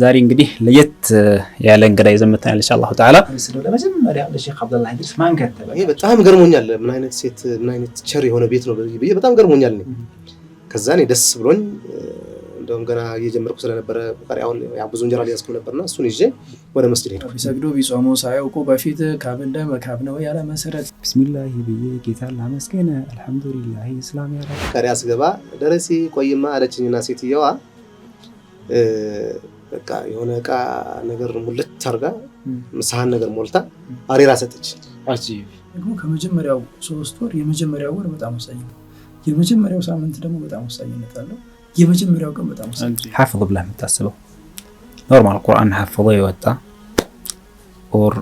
ዛሬ እንግዲህ ለየት ያለ እንግዳ ይዘምተናል መጥተናል። ኢንሻአላሁ ተዓላ ለመጀመሪያ ለሼክ አብደላህ ኢድሪስ ማን ከተበ? ይሄ በጣም ገርሞኛል። ምን አይነት ሴት ምን አይነት ቸር የሆነ ቤት ነው ብዬ በጣም ገርሞኛል። ከዛ እኔ ደስ ብሎኝ እንደውም ገና እየጀመርኩ ስለነበረ አሁን ብዙ እንጀራ ሊያስኩ ነበርና እሱን ይዤ ወደ መስጅድ ሄዱ። ቢሰግዱ ቢጾሙ ሳያውቁ በፊት ካብ እንደ መካብ ነው ያለ መሰረት ብስሚላሂ ብዬ ጌታ ላመስገነ አልሐምዱሊላሂ እስላም ያለ ቀሪያ ስገባ ደረሲ ቆይማ አለችኝና ሴትየዋ በቃ የሆነ እቃ ነገር ሙልት አርጋ ሳህን ነገር ሞልታ አሬራ ሰጠች። ደግሞ ከመጀመሪያው ሶስት ወር የመጀመሪያው ወር በጣም ወሳኝ ነው። የመጀመሪያው ሳምንት ደግሞ በጣም ወሳኝነት አለው። የመጀመሪያው ቀን በጣም ሐፍዝ ብላ የምታስበው ኖርማል ቁርአን ሐፍዞ የወጣ ኦር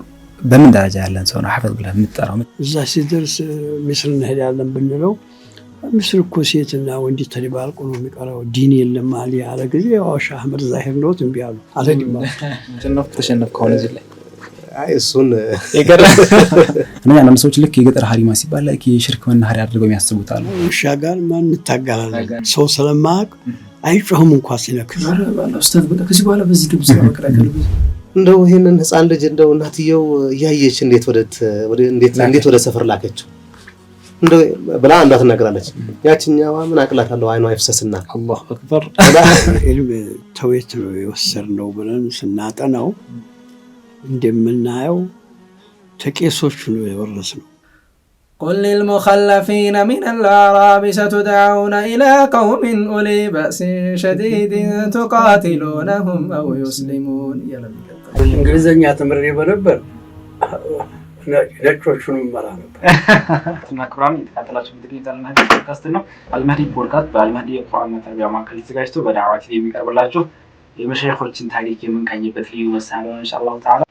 በምን ደረጃ ያለን ሰው ነው ሐፍዝ ብላ የምትጠራው? እዛ ሲደርስ ምስር እንሄዳለን ብንለው ምስር እኮ ሴትና ወንድ ተደባልቆ ነው የሚቀረው፣ ዲን የለም አለ ጊዜ አዋሽ አህመድ ዛሄር ኖት እምቢ አሉ። አለ ተሸነፍ ከሆነ ላይ እሱን እና አንዳንድ ሰዎች ልክ የገጠር ሀሪማ ሲባል ላይ የሽርክ መናኸሪያ አድርገው የሚያስቡታል። ውሻ ጋር ማን እንታገላለን? ሰው ስለማያውቅ አይጮህም እንኳ ሲነክ ከዚህ በኋላ በዚህ ድምፅ እንደው ይህንን ህፃን ልጅ እንደው እናትየው እያየች እንዴት ወደ ሰፈር ላከችው እንደው ብላ አንዷ ትናገራለች። ያችኛዋ ምን አቅላታለሁ አይኗ ይፍሰስና አላሁ አክበር ተዌት ነው የወሰድነው ብለን ስናጠናው እንደምናየው ተቄሶች ነው የወረስ ነው። قل للمخلفين من الأعراب ستدعون إلى قوم أولي بأس شديد تقاتلونهم أو يسلمون እንግሊዝኛ ተምሬ በነበር ነጮቹን መራ ነበር። ማክራም የተካተላቸው እንግዲህ አልመህዲ ፖድካስት ነው። አልመህዲ ፖድካስት በአልመህዲ የቁርአን መተርቢያ ማዕከል ተዘጋጅቶ በዳዕዋ የሚቀርብላችሁ የመሸኮችን ታሪክ የምንቃኝበት ልዩ መሳሪያ ነው ኢንሻ አላሁ ተዓላ